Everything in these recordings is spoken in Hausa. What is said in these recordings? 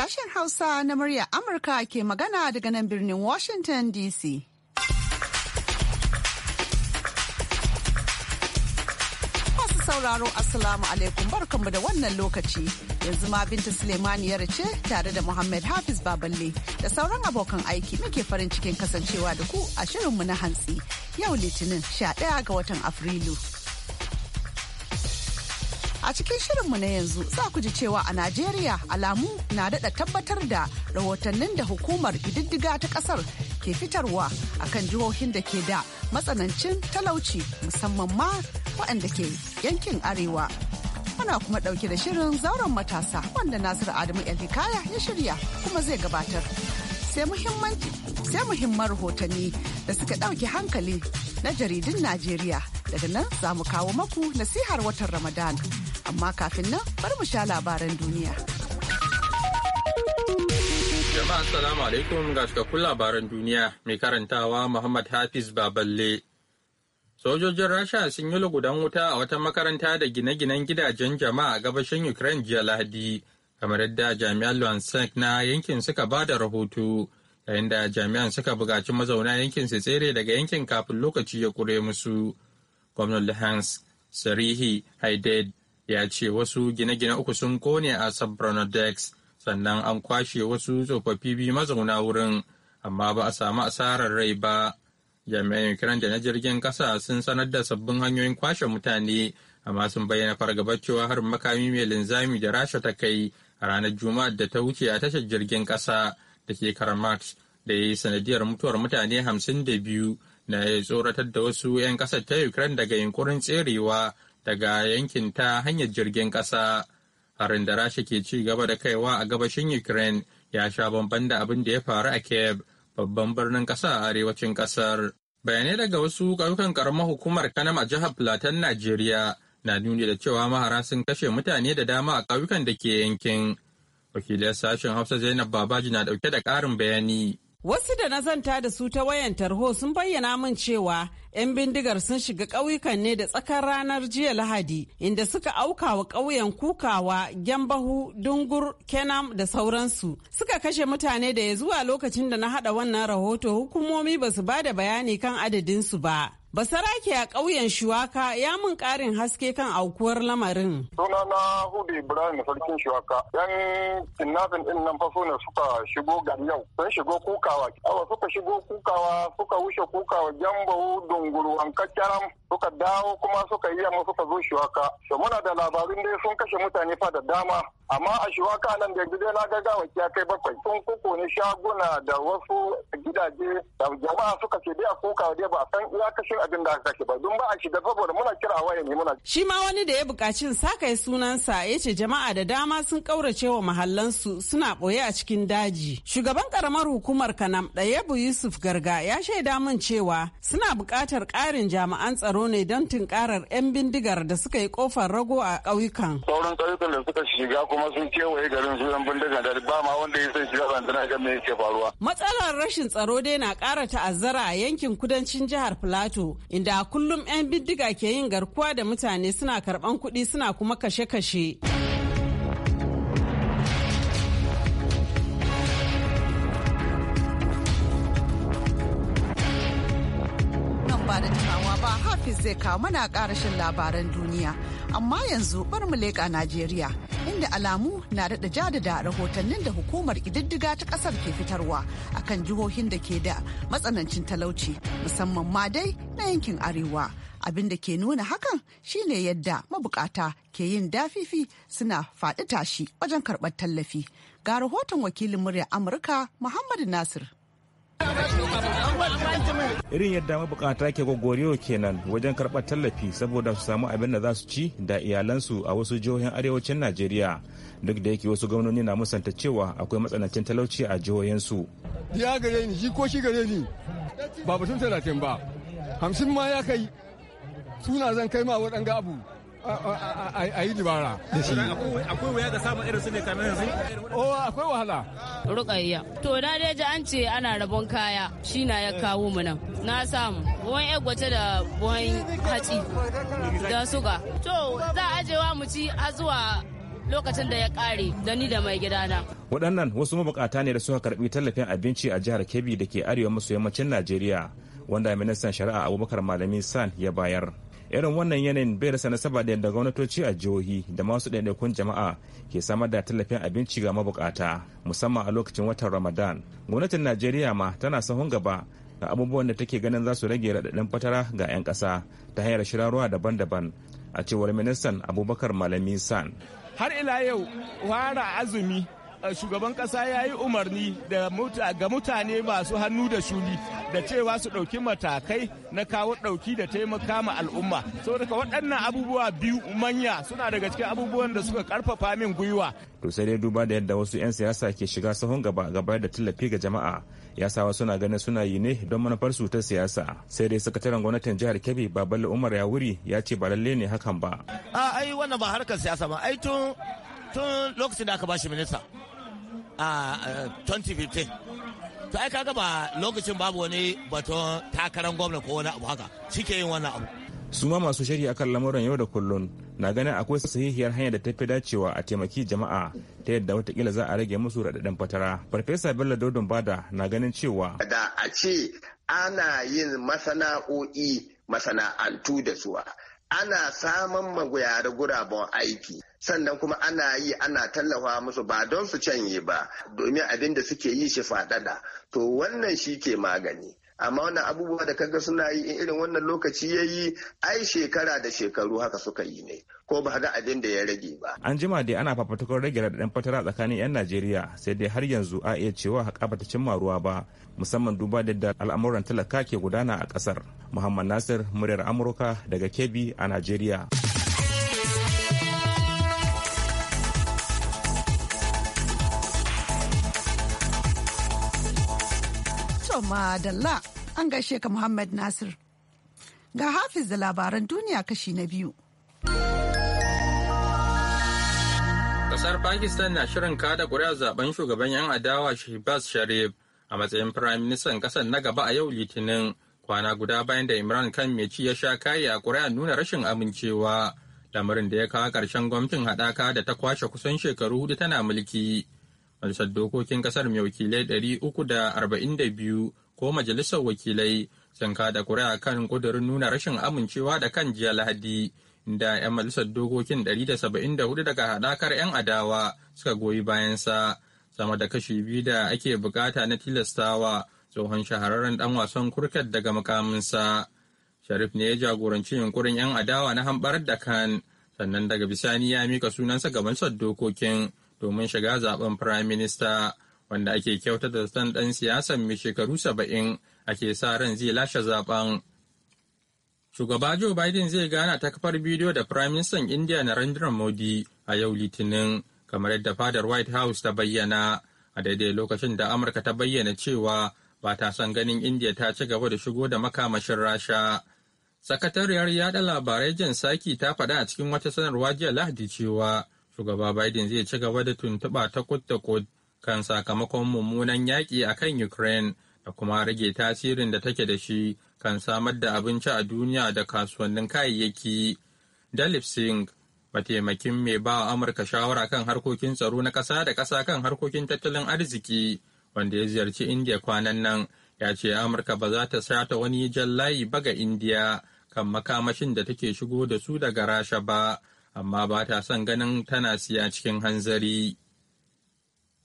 sashen Hausa na murya Amurka ke magana daga nan birnin Washington DC. Masu sauraro Assalamu alaikum barkanmu da wannan lokaci. Yanzu ma Binta ya race, tare da Muhammad Hafiz Baballe da sauran abokan aiki muke farin cikin kasancewa da ku a shirinmu na hantsi yau Litinin 11 ga watan Afrilu. A cikin shirinmu na yanzu za ku ji cewa a Najeriya alamu na daɗa tabbatar da rahotannin da hukumar ƙididdiga ta ƙasar ke fitarwa a kan jihohin da ke da matsanancin talauci musamman ma waɗanda ke yankin arewa. Muna kuma ɗauke da shirin zauren matasa wanda Nasiru Adamu Elhikaya ya shirya kuma zai gabatar. Sai muhimman rahotanni da suka ɗauke hankali na jaridun Najeriya daga nan za mu kawo maku nasihar watan Ramadan. amma kafin nan bari mu sha labaran duniya. Jama'a as-salamu alaikum ga cikakkun labaran duniya mai karantawa Muhammad Hafiz Baballe. Sojojin Rasha sun yi lugudan wuta a wata makaranta da gine-ginen gidajen jama'a a gabashin Ukraine jiya Lahadi, kamar yadda jami'an Luhansk na yankin suka ba da rahoto, yayin da jami'an suka buƙaci mazauna yankin su tsere daga yankin kafin lokaci ya kure musu. Gwamnan Luhansk, Sarihi Haided, ya ce wasu gine-gine uku sun kone a Sabronodex sannan an kwashe wasu tsofaffi biyu mazauna wurin amma ba a samu asarar rai ba. Jami'an Ukraine da na jirgin kasa sun sanar da sabbin hanyoyin kwashe mutane amma sun bayyana fargabar cewa harin makami mai linzami da rasha ta kai a ranar Juma'ar da ta wuce a tashar jirgin kasa da ke Karamax da ya yi sanadiyar mutuwar mutane hamsin da biyu na ya tsoratar da wasu 'yan kasar ta Ukraine daga yunkurin tserewa daga yankin ta hanyar jirgin ƙasa. Harin da Rasha ke ci gaba da kaiwa a gabashin Ukraine ya sha bamban da abin da ya faru a Kiev, babban birnin ƙasa a arewacin ƙasar. Bayanai daga wasu ƙauyukan ƙaramar hukumar Kanam a jihar Platan Najeriya, na nuni da cewa mahara sun kashe mutane da dama a ƙauyukan da ke yankin. Wakilai sashen Hausa Zainab Babaji na ɗauke da ƙarin bayani. Wasu da na zanta da su ta wayan tarho sun bayyana min cewa 'yan bindigar sun shiga ƙauyukan ne da tsakar ranar jiya Lahadi inda suka auka wa ƙauyen kukawa, gyambahu, dungur, kenam da sauransu. Suka kashe mutane da ya zuwa lokacin da na haɗa wannan rahoto hukumomi ba su ba da bayani kan adadinsu ba. Basarake a ƙauyen Shuwaka ya mun ƙarin haske kan aukuwar lamarin. Suna na Hudu Ibrahim Sarkin Shuwaka. Yan kinnafin ɗinnan nan faso ne suka shigo gari yau. Sun shigo kukawa. Awa suka shigo kukawa suka wuce kukawa jambawu dunguru an kakkaram suka dawo kuma suka yi amma suka zo shiwaka to muna da labarun dai sun kashe mutane fa da dama amma a shiwaka nan da gidan na gaggawa ya kai bakwai sun kuku ne shaguna da wasu gidaje da jama'a suka ce dai a kuka dai ba san kashin abin da aka ba don ba a shiga saboda muna kira waya ne muna shi ma wani da ya saka ya sunansa ya ce jama'a da dama sun kaurace wa mahallansu suna boye a cikin daji shugaban karamar hukumar kanam dayabu yusuf garga ya shaida min cewa suna bukatar karin jami'an tsaro tsaro ne don tunkarar 'yan bindigar da suka yi kofar rago a ƙauyukan. Sauran ƙauyukan da suka shiga kuma sun kewaye garin su 'yan bindigar da ba ma wanda ya san shiga bandana ga me yake faruwa. Matsalar rashin tsaro dai na ƙara ta'azzara a yankin kudancin jihar plateau inda kullum 'yan bindiga ke yin garkuwa da mutane suna karɓan kuɗi suna kuma kashe-kashe. zai kawo mana karashin labaran duniya. Amma yanzu bar mu leƙa Najeriya inda alamu na daɗa jadada rahotannin da hukumar ƙididdiga ta ƙasar ke fitarwa akan jihohin da ke da matsanancin talauci musamman ma dai na yankin arewa. Abin da ke nuna hakan shine yadda mabukata ke yin dafifi suna faɗi tashi wajen karɓar tallafi. Ga rahoton wakilin murya Amurka muhammad Nasir. irin yadda mabukata ke gogoriyo kenan wajen karɓar tallafi saboda su samu abin da za su ci da iyalansu a wasu jihohin arewacin najeriya duk da yake wasu gwamnoni na musanta cewa akwai matsanancin talauci a jihohinsu ya gare ni shi ko shi gare ni ba batun talatin ba hamsin ma ya kai suna zan kai ma waɗanga abu a yi dubara. akwai wuya ga samun irin su ne kamar yanzu o oh, akwai wahala rukayya to na dai ji an ce ana rabon kaya shi na ya kawo mu nan na samu ƴar egwace da buwan hatsi da suga to za a ajewa mu ci azuwa zuwa lokacin da ya kare da ni da mai gidana. Waɗannan wasu mabukata ne da suka karɓi tallafin abinci a jihar Kebbi da ke arewa maso yammacin Najeriya, wanda ministan shari'a Abubakar Malami San ya bayar. irin wannan yanayin bai rasa nasaba da yadda gwamnatoci a jihohi da masu ɗaiɗaikun jama'a ke samar da tallafin abinci ga mabukata musamman a lokacin watan ramadan gwamnatin najeriya ma tana sahun gaba ga abubuwan da take ganin za su rage raɗaɗin fatara ga 'yan ƙasa ta hanyar shirarwa daban-daban a cewar ministan abubakar malami san har ila yau fara azumi Eh, shugaban kasa ya yi umarni ga mutane masu hannu da shuni da cewa su ɗauki matakai na kawo ɗauki da taimaka ma al'umma saboda waɗannan abubuwa biyu manya suna daga cikin abubuwan da suka karfafa min gwiwa to sai dai duba da yadda wasu 'yan siyasa ke shiga sahun gaba gaba da tallafi ga jama'a ya sa wasu na ganin suna yi ne don manufar manufarsu ta siyasa sai dai sakataren gwamnatin jihar kebbi baballe umar ya wuri ya ce ba lalle ne hakan ba a ai wannan ba harkar siyasa ba ai tun tun lokacin da aka ba shi minista a 2015 to ai kaga ba lokacin babu wani baton takarar gwamna ko wani abu haka cike yin wannan abu Suma masu shari'a akan lamuran yau da kullun na ganin akwai sahihiyar hanya da ta fi dacewa a taimaki jama'a ta yadda watakila za a rage musu raɗaɗin fatara farfesa bello dodon bada na ganin cewa da a ce ana yin masana'o'i masana'antu da suwa ana samun magoya guraben aiki sannan kuma ana yi ana tallafa musu ba don su canye ba domin abin da suke yi shi faɗaɗa to wannan shi ke magani amma wannan abubuwa da kaga suna yi in irin wannan lokaci ya yi ai shekara da shekaru haka suka yi ne ko ba ga abin da ya rage ba. an jima dai ana fafatukar rage raɗaɗin fatara tsakanin 'yan najeriya sai dai har yanzu a iya cewa haƙa bata cimma ruwa ba musamman duba da al'amuran talaka ke gudana a ƙasar muhammad nasir muryar amurka daga kebbi a najeriya. madalla an gaishe ka Muhammad Nasir. Ga hafiz da labaran duniya kashi na biyu. Kasar Pakistan na shirin kada ƙuri'a zaben shugaban 'yan adawa Shehbaz Sharif a matsayin Prime Minister ƙasar na gaba a yau Litinin kwana guda bayan da Imran kan ci ya sha kayi a ƙuri'a nuna rashin amincewa lamarin da ya kawo ƙarshen gwamnatin haɗaka da ta kwashe kusan shekaru hudu tana mulki. majalisar dokokin kasar mai wakilai 342 ko majalisar wakilai sun kada kuri'a kan kudurin nuna rashin amincewa da kan jiya lahadi inda 'yan majalisar dokokin 174 daga hadakar 'yan adawa suka goyi bayansa sama da kashi biyu da ake bukata na tilastawa tsohon shahararren dan wasan kurket daga makaminsa sharif ne ya jagoranci yunkurin 'yan adawa na hambar da kan sannan daga bisani ya mika sunansa ga majalisar dokokin domin shiga zaben Prime Minister wanda ake kyauta da san ɗan siyasan mai shekaru saba'in ake sa ran zai lashe zaben. Shugaba Joe Biden zai gana ta kafar bidiyo da Prime Minister India Narendra Modi a yau Litinin kamar yadda fadar White House ta bayyana a daidai lokacin da Amurka ta bayyana cewa ba ta son ganin India ta ci gaba da shigo da makamashin Rasha. Sakatariyar yada labarai Jan Saki ta faɗa a cikin wata sanarwa jiya Lahadi cewa shugaba Biden zai ci gaba da tuntuɓa ta kut da kut kan sakamakon mummunan yaƙi a kan Ukraine da kuma rage tasirin da take da shi kan samar da abinci a duniya da kasuwannin kayayyaki. Dalip Singh, mataimakin mai ba Amurka shawara kan harkokin tsaro na ƙasa da ƙasa kan harkokin tattalin arziki, wanda ya ziyarci India kwanan nan, ya ce Amurka ba za ta sata wani jan layi ba ga India kan makamashin da take shigo da su daga Rasha ba. amma ba ta son ganin tana siya cikin hanzari.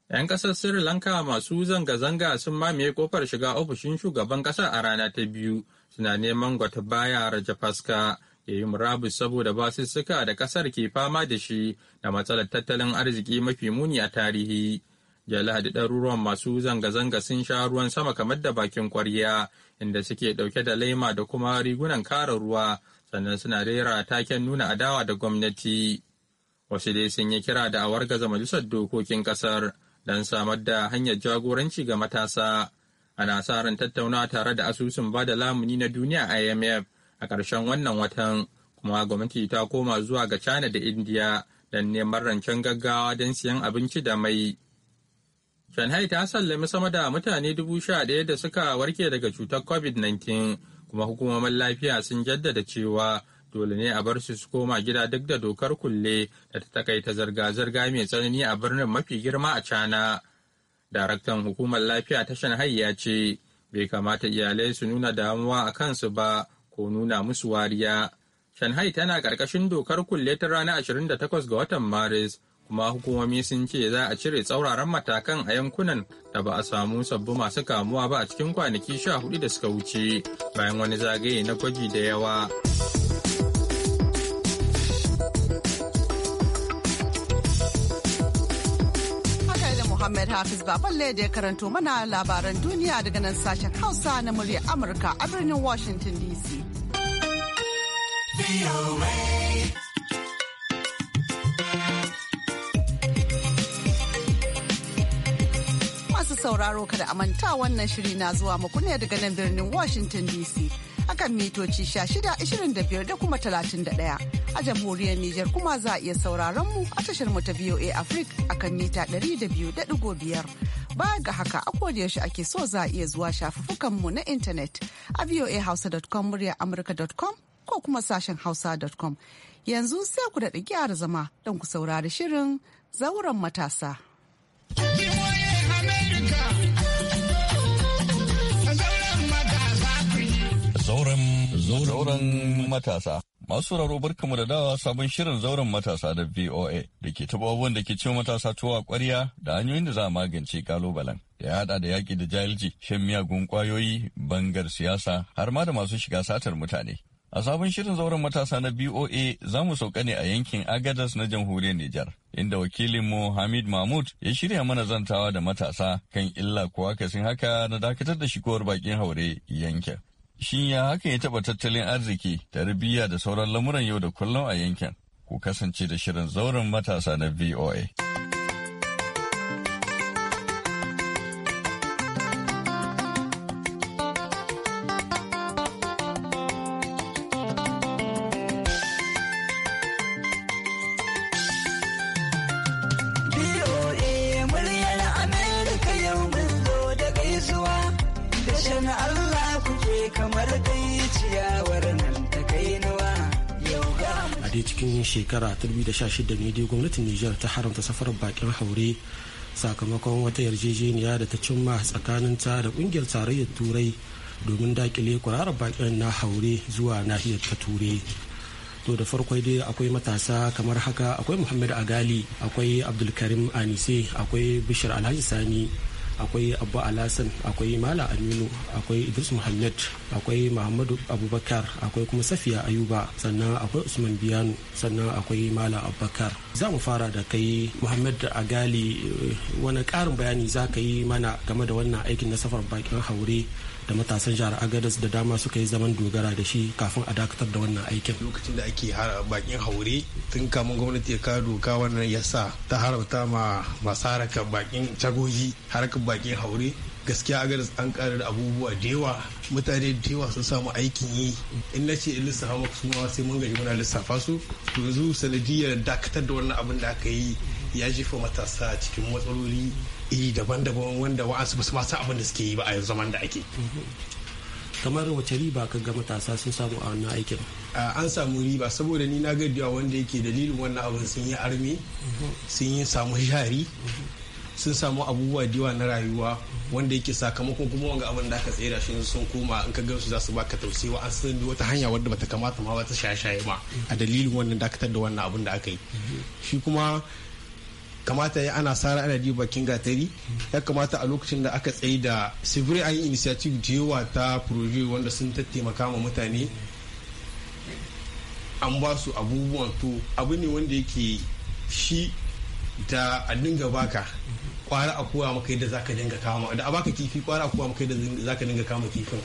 'Yan ƙasar Sri Lanka masu zanga-zanga sun mamaye kofar shiga ofishin shugaban ƙasa a rana ta biyu suna neman Gotabaya Rajapaksa ya yi murabus saboda basussuka da ƙasar ke fama da shi da matsalar tattalin arziki mafi muni a tarihi. Jalhadi ɗaruruwan masu zanga-zanga sun sha ruwan sama kamar da bakin kwarya inda suke ɗauke da laima da kuma rigunan kara ruwa sannan suna rera taken nuna adawa da gwamnati wasu dai sun yi kira da a wargaza majalisar dokokin kasar don samar da hanyar jagoranci ga matasa ana sa ran tattaunawa tare da asusun bada lamuni na duniya imf a ƙarshen wannan watan kuma gwamnati ta koma zuwa ga china da india don neman rancen gaggawa don siyan abinci da mai shanghai ta sallami sama da mutane dubu sha ɗaya da suka warke daga cutar covid-19 kuma hukumomin lafiya sun jaddada cewa dole ne a bar su su koma gida duk da dokar kulle da ta takaita zirga-zirga mai tsanani a birnin mafi girma a cana daraktan hukumar lafiya ta shanhai ya ce bai kamata iyalai su nuna damuwa a kansu ba ko nuna musu wariya shanhai tana ƙarƙashin dokar kulle ta ranar 28 ga watan maris kuma hukumomi sun ce za a cire tsauraran matakan a yankunan da ba a samu sabbin masu kamuwa ba a cikin kwanaki sha hudu da suka wuce bayan wani zagaye na gwaji da yawa. muhammed Hafiz Baballe da ya karanto mana labaran duniya daga nan sashen Hausa na muryar Amurka a birnin Washington DC. masu sauraro kada a manta wannan shiri na zuwa muku ne daga nan birnin Washington DC. akan mitoci 1625 da kuma 31 a jamhuriyar Nijar kuma za a iya sauraron mu a tashar mu ta VOA Africa akan mita 200.5 ba ga haka a yaushe ake so za a iya zuwa shafafukan mu na intanet a voahausa.com muryar amurka.com ko kuma sashen hausa.com yanzu sai ku da gyara zama don ku saurari shirin zauren matasa. Zauren matasa. Masu sauraro barkamu da dawa sabon shirin zauren matasa da VOA da ke taɓa abubuwan da ke ce matasa tuwa ƙwarya da hanyoyin da za a magance kalubalen. Da ya haɗa da yaƙi da jahilci, shan miyagun kwayoyi bangar siyasa, har ma da masu shiga satar mutane. A sabon shirin zauren matasa na BOA za mu sauka ne a yankin Agadas na jamhuriyar Nijar, inda wakilinmu Hamid Mahmud ya shirya mana zantawa da matasa kan illa ko akasin haka na dakatar da shigowar bakin haure yankin. Shin ya haka ya taɓa tattalin arziki, tarbiyya da sauran lamuran yau da kullum a yankin? Ku kasance da shirin zauren matasa na VOA. cikin shekara 2016 ne dai gwamnatin Nijar ta haramta safar bakin haure sakamakon wata yarjejeniya da ta cimma tsakanin ta da kungiyar tarayyar turai domin dakile kwararar bakin na haure zuwa nahiyar ta ture to da farko dai akwai matasa kamar haka akwai muhammad agali akwai abdulkarim anise akwai bishir alhaji sani akwai abu alasan akwai mala aminu akwai idris muhammad akwai muhammadu abubakar akwai kuma safiya ayuba sannan akwai usman biyanu sannan akwai mala abubakar za mu fara da kai muhammad agali eh, wani karin bayani za ka yi mana game da wannan aikin na safar bakin haure da matasan jihar agadas da dama suka yi zaman dogara da shi kafin a dakatar da wannan aikin lokacin da ake bakin haure tun kamun gwamnati ya kawo doka wannan yasa ta haramta ma masu harakar bakin cagogi harakar bakin haure gaskiya agadas an karar abubuwa da yawa mutane da yawa sun samu aikin yi in na ce lissafa maka suma sai mun gaji muna lissafa su to yanzu sanadiyar dakatar da wannan abin da aka yi ya jefa matasa cikin matsaloli iri daban-daban wanda wa'ansu basu masu abin da suke yi ba a yanzu zaman da ake kamar wace riba ka ga matasa sun samu a wannan aikin an samu riba saboda ni na ga da wanda yake dalilin wannan abin sun yi armi sun yi samu shari sun samu abubuwa diwa na rayuwa wanda yake sakamakon kuma wanga abin da aka tsira shi sun koma in ka gan su za su baka tausayi wa an san wata hanya wadda bata kamata ma wata shaye-shaye ba a dalilin wannan dakatar da wannan abin da aka yi shi kuma kamata ya ana sara ana ji bakin gatari ya kamata a lokacin da aka tsaye da siviri an yi initiative da yawa ta proje wanda sun tattaimaka ma mutane an ba su abubuwan to abu ne wanda yake shi da a dinga baka kwara a koya maka yadda zaka dinga kama da a baka kifi kwara a koya maka yadda zaka dinga kama kifin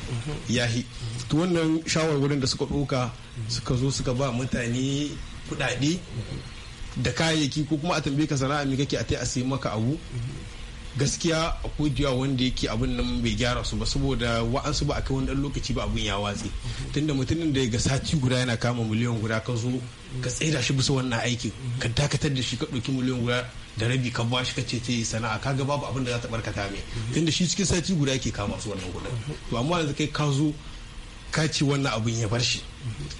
yahi to wannan shawarwarin da suka ɗauka suka zo suka ba mutane kuɗaɗe da kayayyaki ko kuma a tambaye ka sana'a me kake a tai a sayi maka abu gaskiya akwai da wanda yake abin nan bai gyara su ba saboda wa'ansu ba a kai wani lokaci ba abin ya watse tunda mutumin da ya ga sati guda yana kama miliyan guda ka zo ka tsaida shi bisa wannan aikin ka dakatar da shi ka ɗauki miliyan guda da rabi ka ba shi ka ce ta yi sana'a kaga babu abin da za ta barkata mai tunda shi cikin sati guda yake kama su wannan kuɗin to amma yanzu kai ka zo ka ci wannan abun ya bar shi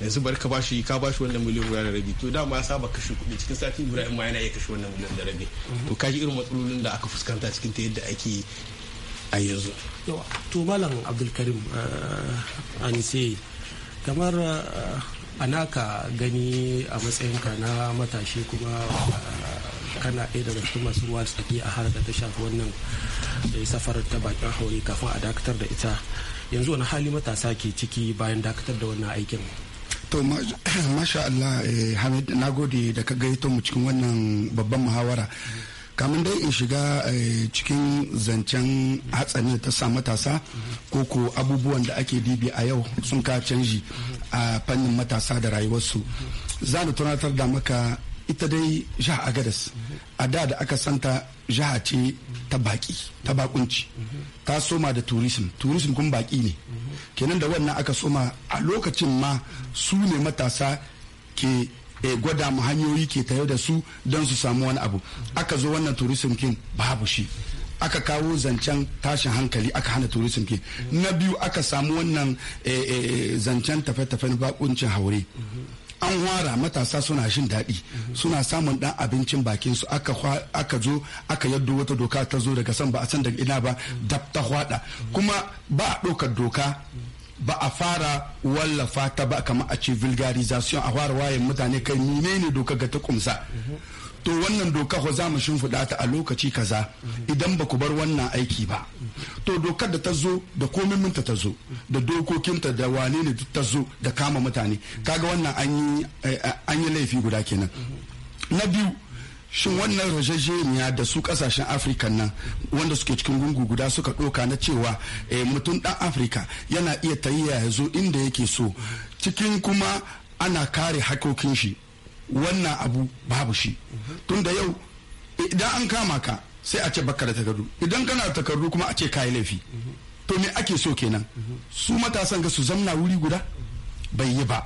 yanzu bari ka ba shi ka ba shi wannan miliyan guda da rabi to dama ya saba kashe kuɗi cikin sati guda in ma yana iya kashe wannan miliyan da rabi to ka ji irin matsalolin da aka fuskanta cikin ta yadda ake a yanzu to malam abdulkarim eh, anise kamar eh, a naka gani a matsayinka na matashi kuma eh, kana ɗaya daga cikin masu ruwa tsaki a harkar ta shafi wannan safarar ta bakin haure kafin a dakatar da ita yanzu wani hali matasa ke ciki bayan dakatar da wannan aikin to masha Allah eh, Hamid na gode da ka gaito mu cikin wannan babban muhawara kamun dai in shiga eh, cikin zancen hatsarin ta sa matasa ko ko abubuwan da ake dibi a yau sun ka canji a fannin matasa da rayuwarsu za tunatar da maka ita dai jiha agadas a da da aka santa jiha ce ta baki ta bakunci ta soma da turism turism kun baki ne kenan da wannan aka soma a lokacin ma su ne matasa ke e, gwada mu hanyoyi ke tare da su don su samu wani abu aka zo wannan turism kin babu shi aka kawo zancen tashin hankali aka hana turism ke na biyu aka samu wannan eh, eh, zancen tafe-tafen bakuncin haure an wara matasa suna shin daɗi suna samun ɗan abincin bakin su aka zo aka yaddo wata doka ta zo daga san ba a san daga ina ba dab ta hwada kuma ba a ɗaukar doka ba a fara wallafa ta ba kamar a ce vulgarization a fara wayan mutane kai menene doka ga ta kumsa to wannan doka ko za mu shimfiɗa ta a lokaci kaza idan ba ku bar wannan aiki ba to dokar da ta zo da komiminta ta zo da dokokinta da wane ne ta zo da kama mutane kaga wannan an yi eh, laifi guda kenan na biyu shin wannan rajajeniya da su kasashen afirka nan wanda suke cikin gungu guda suka ɗoka na cewa eh, mutum ɗan afirka yana iya tayyaya ya zo inda yake so cikin kuma ana kare hakokin shi wannan abu babu shi tun da yau idan an kama ka sai a ce baka da takardu idan kana da takardu kuma a ce kayi laifi to me ake so kenan su matasan ga su zamna wuri guda bai yi ba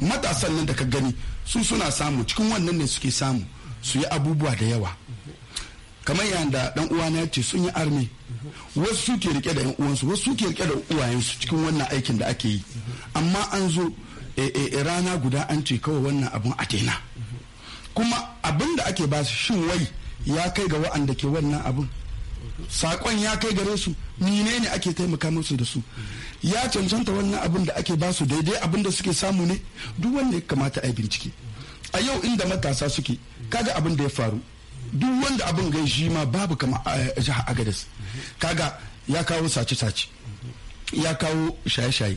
matasan nan da ka gani su suna samu cikin wannan ne suke samu su yi abubuwa da yawa kamar yadda dan uwana na ce sun yi armi wasu suke rike da yan uwansu wasu suke rike da uwayensu cikin wannan aikin da ake yi amma an zo Eh, eh, eh, rana guda an ce kawai wannan abun a daina kuma abin da ake ba su shin wai ya kai ga wa'anda ke wannan abun sakon ya kai gare su menene ake taimaka musu da su ya cancanta wannan abin da ake ba su daidai abin da suke samu ne duk wanda ya kamata a yi bincike a yau inda matasa suke kaga abin da ya faru duk wanda abin gai shi ma babu kama a jihar agadas kaga ya kawo sace-sace ya kawo shaye-shaye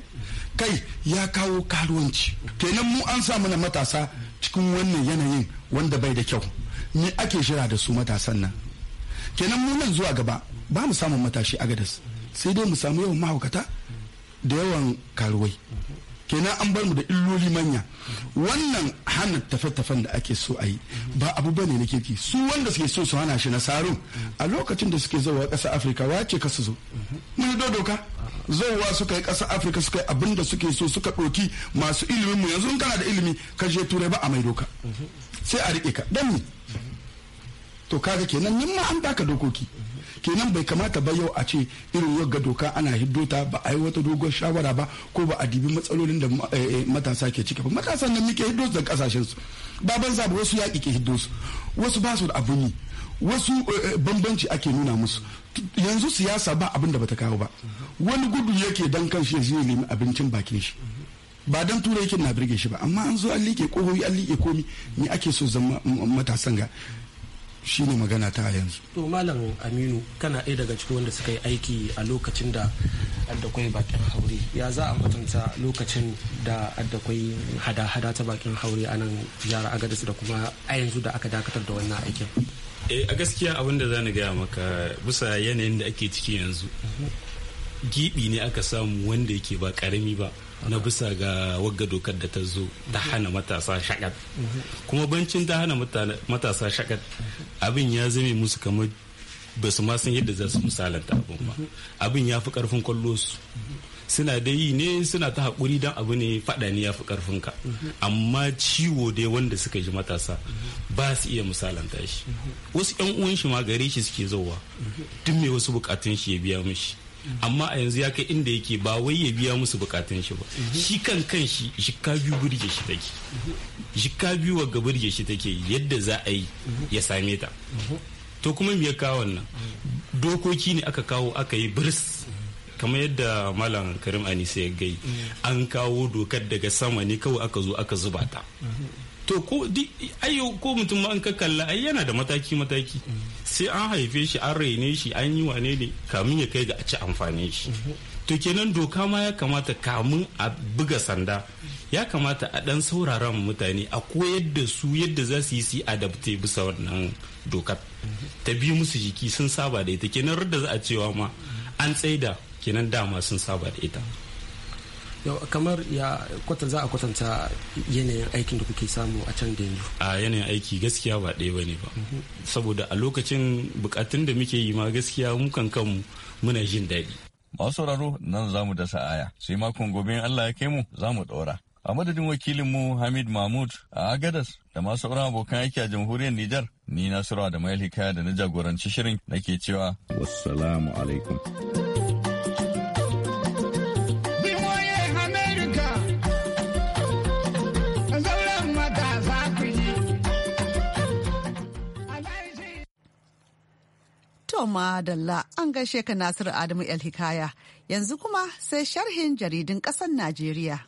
kai ya kawo karuwanci kenan mu an sa mana matasa cikin wannan yanayin wanda bai da kyau ne ake shira da su matasan nan kenan mu nan zuwa gaba ba mu samun matashi agadas sai dai mu samu yawan mahaukata da yawan karuwai kenan an bar mu da illoli manya wannan hana tafe-tafen da ake so a yi ba abu bane na kirki su wanda suke so su hana shi nasaru a lokacin da suke zauwa ƙasa afirka wace ka su zo mun doka zauwa suka yi ƙasa afirka suka yi abin da suke so suka ɗoki masu ilimin mu yanzu kana da ilimi ka je turai ba a mai doka sai a riƙe ka dan ni to kaga kenan nan ma an baka dokoki kenan bai kamata ba yau a ce irin yau doka ana hiddo ba a yi wata dogon shawara ba ko ba a dibi matsalolin da eh, eh, matasa ke ciki ba matasan nan muke hiddo su da kasashen su ba ban ba wasu ya ke hiddo su wasu ba su da abun yi wasu eh, bambanci ake nuna musu yanzu siyasa ba abin da bata kawo ba wani gudu yake dan kan shi zai nemi abincin bakin shi ba dan turai yake na birge shi ba amma an zo an liƙe ƙohoyi an liƙe komi me ake so zama matasan ga shine magana ta yanzu to malam aminu kana ɗaya daga cikin wanda suka yi aiki a lokacin da addakwai bakin haure ya za a mutunta lokacin da addakwai hada-hada ta bakin haure a nan jihar agadis da kuma a yanzu da aka dakatar da wannan aikin eh a gaskiya abin da zan gaya maka bisa yanayin da ake ciki yanzu mhm. gibi ne aka samu wanda yake ba karami ba na bisa ga wagga dokar da ta zo ta hana matasa shakar kuma bancin ta hana matasa shakar abin ya zame musu kamar ba su ma san yadda za su misalanta abin ba abin ya fi karfin kwallo su suna da yi ne suna ta haƙuri don abu ne faɗa ne ya fi ka. amma ciwo dai wanda suka ji matasa ba su iya misalanta shi wasu 'yan uwan shi ma gare shi suke zauwa duk mai wasu bukatun shi ya biya mishi amma a yanzu ya kai inda yake ba wai ya biya musu bukatun shi ba mhm. shi kan kan shi ka biyu burge shi take mhm. ka biyu wagga burge shi take yadda za a yi mhm. ya same ta to kuma me ya kawo wannan dokoki ne aka kawo aka yi birs kamar yadda malam karim anisa ya gai an kawo dokar daga sama ne kawai aka zo aka zuba ta to ko ayo ko mutum an ka kalla ai yana da mataki mataki mm. sai an haife shi an raine shi an yi wane ne kamun ya kai ga a ci amfani shi mm-hmm. to kenan doka ma ya kamata kamun a buga sanda mm. ya kamata a dan sauraron mutane a koyar da su yadda za su yi su adapte bisa wannan dokar mm-hmm. ta biyu musu jiki sun saba da ita kenan da za a cewa ma mm. an tsaida kenan dama sun saba da ita kamar ya kwata za a kwatanta yanayin aikin da kuke samu a can da yanzu a yanayin aiki gaskiya ba ɗaya ne ba saboda a lokacin bukatun da muke yi ma gaskiya mukan kanmu muna jin daɗi masu sauraro nan za mu dasa aya sai makon gobe Allah ya kai mu za mu ɗora a madadin wakilinmu Hamid Mahmud a Agadas da masu sauran abokan aiki a jamhuriyar Nijar ni Nasura da hikaya da na jagoranci shirin nake cewa wassalamu alaikum To madalla an gaishe ka Nasiru Adamu El Hikaya yanzu kuma sai sharhin jaridun ƙasar Najeriya.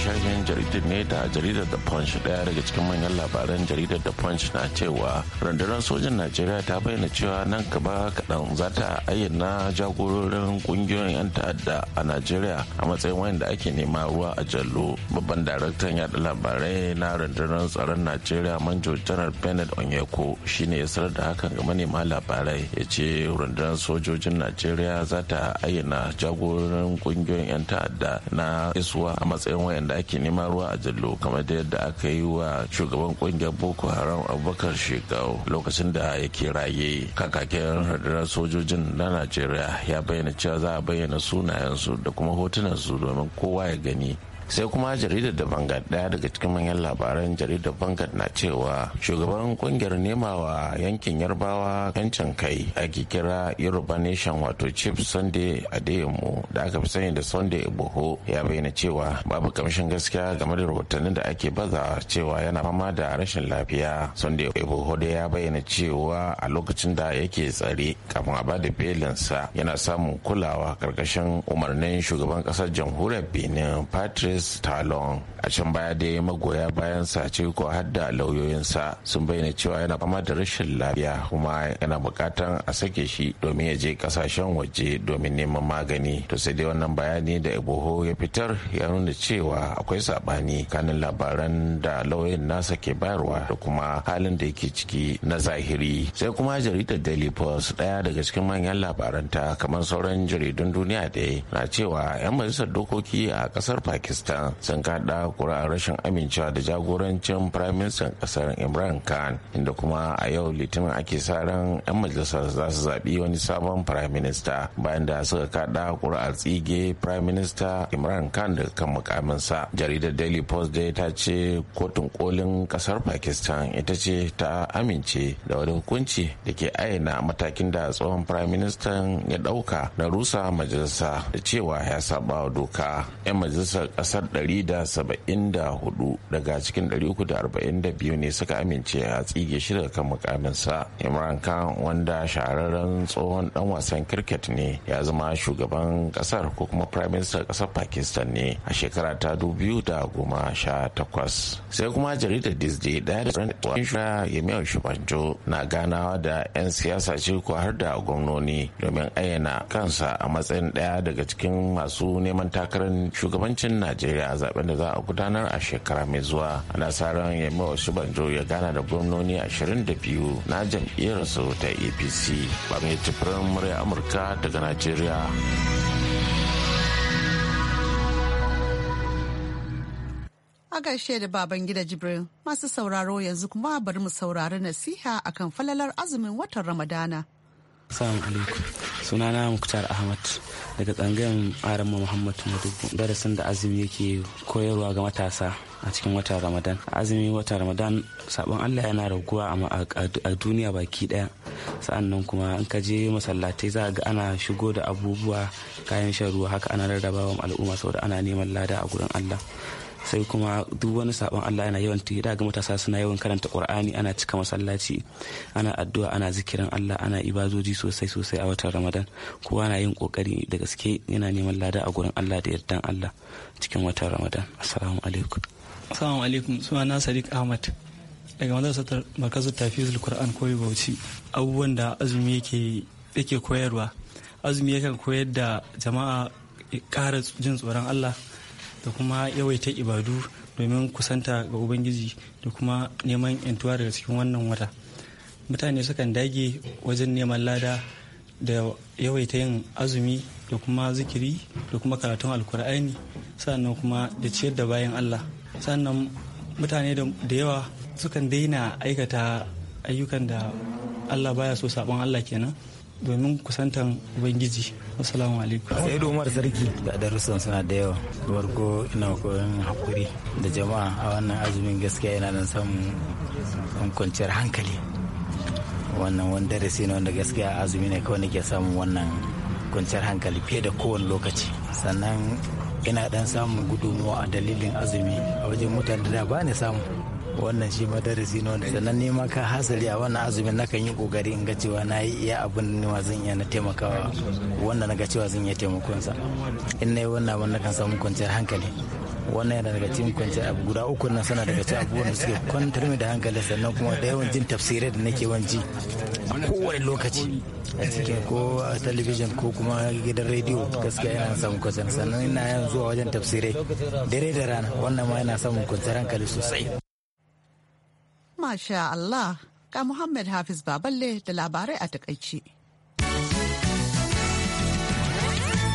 sharhin jaridar ne da jaridar da punch daya daga cikin manyan labaran jaridar da punch na cewa rundunar sojan najeriya ta bayyana cewa nan gaba kaɗan za ta ayyana jagororin ƙungiyoyin 'yan ta'adda a najeriya a matsayin wayanda ake nema ruwa a jallo babban daraktan yada labarai na rundunar tsaron najeriya manjo janar bennett onyeko shine ya sanar da hakan ga manema labarai ya ce rundunar sojojin najeriya za ta ayyana jagororin ƙungiyoyin 'yan ta'adda na isuwa a matsayin wayan da ake neman ruwa a jallo kamar da yadda aka yi wa shugaban kungiyar boko haram abubakar shekau lokacin da yake raye kakakin rundunar sojojin na najeriya ya bayyana cewa za a bayyana sunayensu da kuma hotunansu domin kowa ya gani sai kuma jaridar da bangar daya daga cikin manyan labaran jaridar bangar na cewa shugaban kungiyar nemawa yankin yarbawa yancin kai ake kira yoruba nation wato chief sunday adeyemo da aka fi sani da sunday iboho ya bayyana cewa babu kamshin gaskiya game da rahotannin da ake baza cewa yana fama da rashin lafiya sunday iboho da ya bayyana cewa a lokacin da yake tsare kafin a bada belinsa yana samun kulawa karkashin umarnin shugaban kasar jamhuriyar benin patrice Stalon, Talon. A can baya da dai magoya bayan sace ko hadda sa, sun bayyana cewa yana fama da rashin lafiya kuma yana bukatan a sake shi domin ya je kasashen waje domin neman magani. To sai dai wannan bayani da Ibuho ya fitar ya nuna cewa akwai sabani kanin labaran da lauyoyin nasa ke bayarwa da kuma halin da yake ciki na zahiri. Sai kuma jaridar Daily Post daya daga cikin manyan labaranta kamar sauran jaridun duniya da na cewa 'yan majalisar dokoki a kasar Pakistan pakistan sun kada kuri'ar rashin amincewa da jagorancin firaministan kasar imran khan inda kuma a yau litinin ake sa ran 'yan majalisar za su zaɓi wani sabon firaminista bayan da suka kada kuri'ar tsige firaminista imran khan daga kan mukaminsa jaridar daily post dai ta ce kotun kolin kasar pakistan ita ce ta amince da wani hukunci da ke ayyana matakin da tsohon firaministan ya ɗauka na rusa majalisa da cewa ya saba doka 'yan majalisar kasar 174 daga cikin 342 ne suka amince a tsige shi daga kan mukaminsa imran khan wanda shahararren tsohon dan wasan kirket ne ya zama shugaban kasar ko kuma prime minister kasar pakistan ne a shekara ta 2018 sai kuma jaridar disney daya da shura yamiyar shubanjo na ganawa da 'yan siyasa ce ko har da gwamnoni domin ayyana kansa a matsayin daya daga cikin masu neman takarar shugabancin najeriya najeriya a zaben da za a gudanar a shekara mai zuwa ana sa ran wasu osibanjo ya gana da gwamnoni 22 na jam'iyyar su ta apc ba mai tufurin murya amurka daga najeriya a gaishe da baban gida jibril masu sauraro yanzu kuma bari mu saurari nasiha akan falalar azumin watan ramadana sunana muktar ahmad daga tsangayen aramma muhammad madubu darasin da azumi yake koyarwa ga matasa a cikin watan ramadan azumi watan ramadan sabon allah yana raguwa a duniya baki daya sa'annan kuma in ka je masallatai za ga ana shigo da abubuwa kayan shan ruwa haka ana rarrabawa al'umma saboda ana neman lada a gurin allah sai kuma duk wani sabon Allah yana yawan tuyi daga matasa suna yawan karanta Qur'ani ana cika masallaci ana addu'a ana zikirin Allah ana ibadoji sosai sosai a watan Ramadan kowa na yin kokari da gaske yana neman lada a gurin Allah da yardan Allah cikin watan Ramadan assalamu alaikum assalamu alaikum na Sadiq Ahmad daga madrasar markazar tafizul Qur'an koyi Bauchi abubuwan da azumi yake yake koyarwa azumi yakan koyar da jama'a ƙara jin tsoron Allah da kuma yawaita ibadu domin kusanta ga ubangiji da kuma neman yantuwa daga cikin wannan wata mutane sukan dage wajen neman lada da yawaita yin azumi da kuma zikiri da kuma karatun alkur'ani sannan kuma da ciyar da bayan allah sannan mutane da yawa sukan daina aikata ayyukan da allah baya so sabon allah kenan domin kusantan ubangiji assalamu alaikum sai umar sarki da darussan suna da yawa farko ina koyon hakuri da jama'a a wannan azumin gaskiya yana nan samun kwanciyar hankali wannan wani darasi ne wanda gaskiya azumi ne kawai nake samun wannan kwanciyar hankali fiye da kowane lokaci sannan ina dan samun gudunmuwa a dalilin azumi a wajen mutane da ba ni samu wannan shi madarasi na wanda sannan ne ma ka hasali a wannan azumin na kan yi kokari in ga cewa na yi iya abin da zan iya na taimakawa wanda na ga cewa zan iya taimakonsa in na yi wannan abin na kan samu kwanciyar hankali wannan yana daga cikin kwanciyar abu guda uku na sana daga cikin abubuwan da suke kwantar mai da hankali sannan kuma da yawan jin tafsirai da nake wanci a kowane lokaci a cikin ko a talabijin ko kuma gidan rediyo gaskiya yana samun kwanciyar sannan ina yanzu zuwa wajen tafsirai dare da rana wannan ma yana samun kwanciyar hankali sosai Masha Allah, ga Muhammad Hafiz Baballe da labarai a takaice.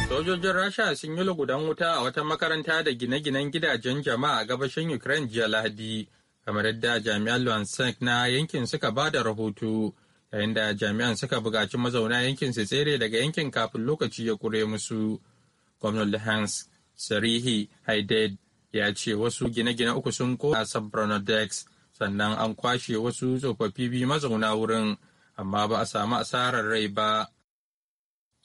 Sojojin Rasha sun yi lugudan wuta a wata makaranta da gine-ginen gidajen jama'a a gabashin Ukraine jiya Lahadi, kamar yadda jami'an Luhansk na yankin suka ba da rahoto, yayin da jami'an suka buƙaci mazauna yankin su tsere daga yankin kafin lokaci ya kure musu. Gwamnan Luhansk, Sarihi Haided, ya ce wasu gine-gine uku sun koma Sabronodex sannan an kwashe wasu tsofaffi biyu mazauna wurin amma ba a samu asarar rai ba.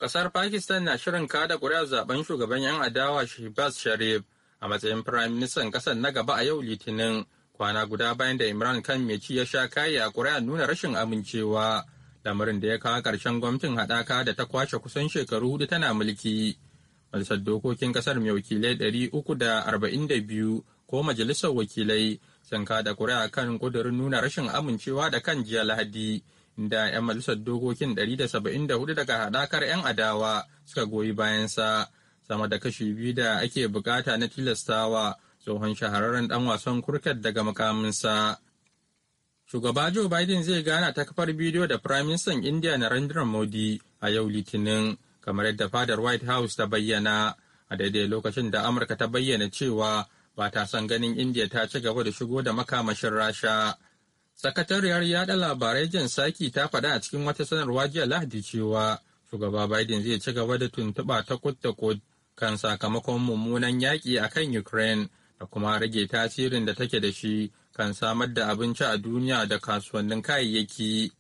Ƙasar Pakistan na shirin kada ƙuri'ar zaben shugaban 'yan adawa Shehbaz Sharif a matsayin firayim ministan ƙasar na gaba a yau Litinin kwana guda bayan da Imran kan meci ya sha kayi a ƙuri'ar nuna rashin amincewa lamarin da ya kawo ƙarshen gwamnatin haɗaka da ta kwashe kusan shekaru hudu tana mulki. Majalisar dokokin ƙasar mai wakilai ɗari uku da arba'in da biyu ko majalisar wakilai sun kada kuri'a kan kudurin nuna rashin amincewa da kan jiya lahadi inda 'yan majalisar dokokin 174 daga hadakar 'yan adawa suka goyi bayansa sama da kashi biyu da ake bukata na tilastawa tsohon shahararren dan wasan kurket daga makaminsa. Shugaba Joe Biden zai gana ta kafar bidiyo da Firaministan India Narendra Modi a yau Litinin, kamar yadda fadar White House ta bayyana, a daidai lokacin da Amurka ta bayyana cewa ba ta son ganin indiya ta ci gaba da shigo da makamashin rasha sakatariyar yada labarai jan saki ta faɗa a cikin wata sanarwa jiya lahadi cewa shugaba biden zai ci gaba da tuntuɓa ta kud da kan sakamakon mummunan yaƙi a kan ukraine da kuma rage tasirin da take da shi kan samar da abinci a duniya da kasuwannin kayayyaki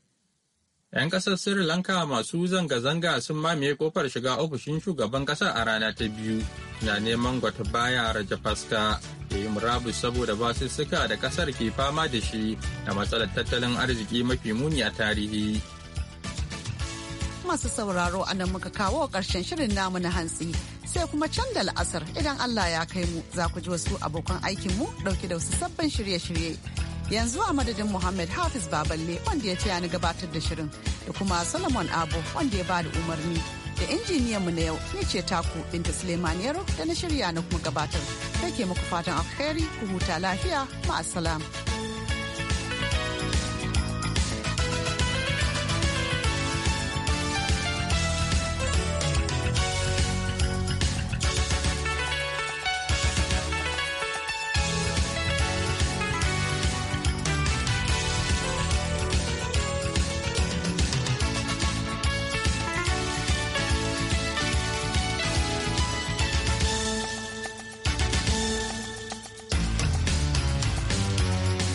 'Yan ƙasar Sri Lanka masu zanga-zanga sun mamaye kofar shiga ofishin shugaban ƙasa a rana ta biyu na neman gwata baya Rajapaksa da yi murabus saboda basussuka da ƙasar ke fama da shi da matsalar tattalin arziki mafi muni a tarihi. Masu sauraro a nan muka kawo ƙarshen shirin namu na hantsi. sai kuma can da la'asar idan Allah ya kai mu za ku ji wasu abokan aikinmu ɗauke da wasu sabbin shirye-shirye. yanzu a madadin Muhammad Hafiz Baballe wanda ya taya ni gabatar da shirin da kuma Solomon Abo wanda ya bada umarni da injiniyan mu na yau ni ce taku Binta Suleiman Yaro da na shirya na kuma gabatar. Take muku fatan alheri ku huta lafiya ma'asalam.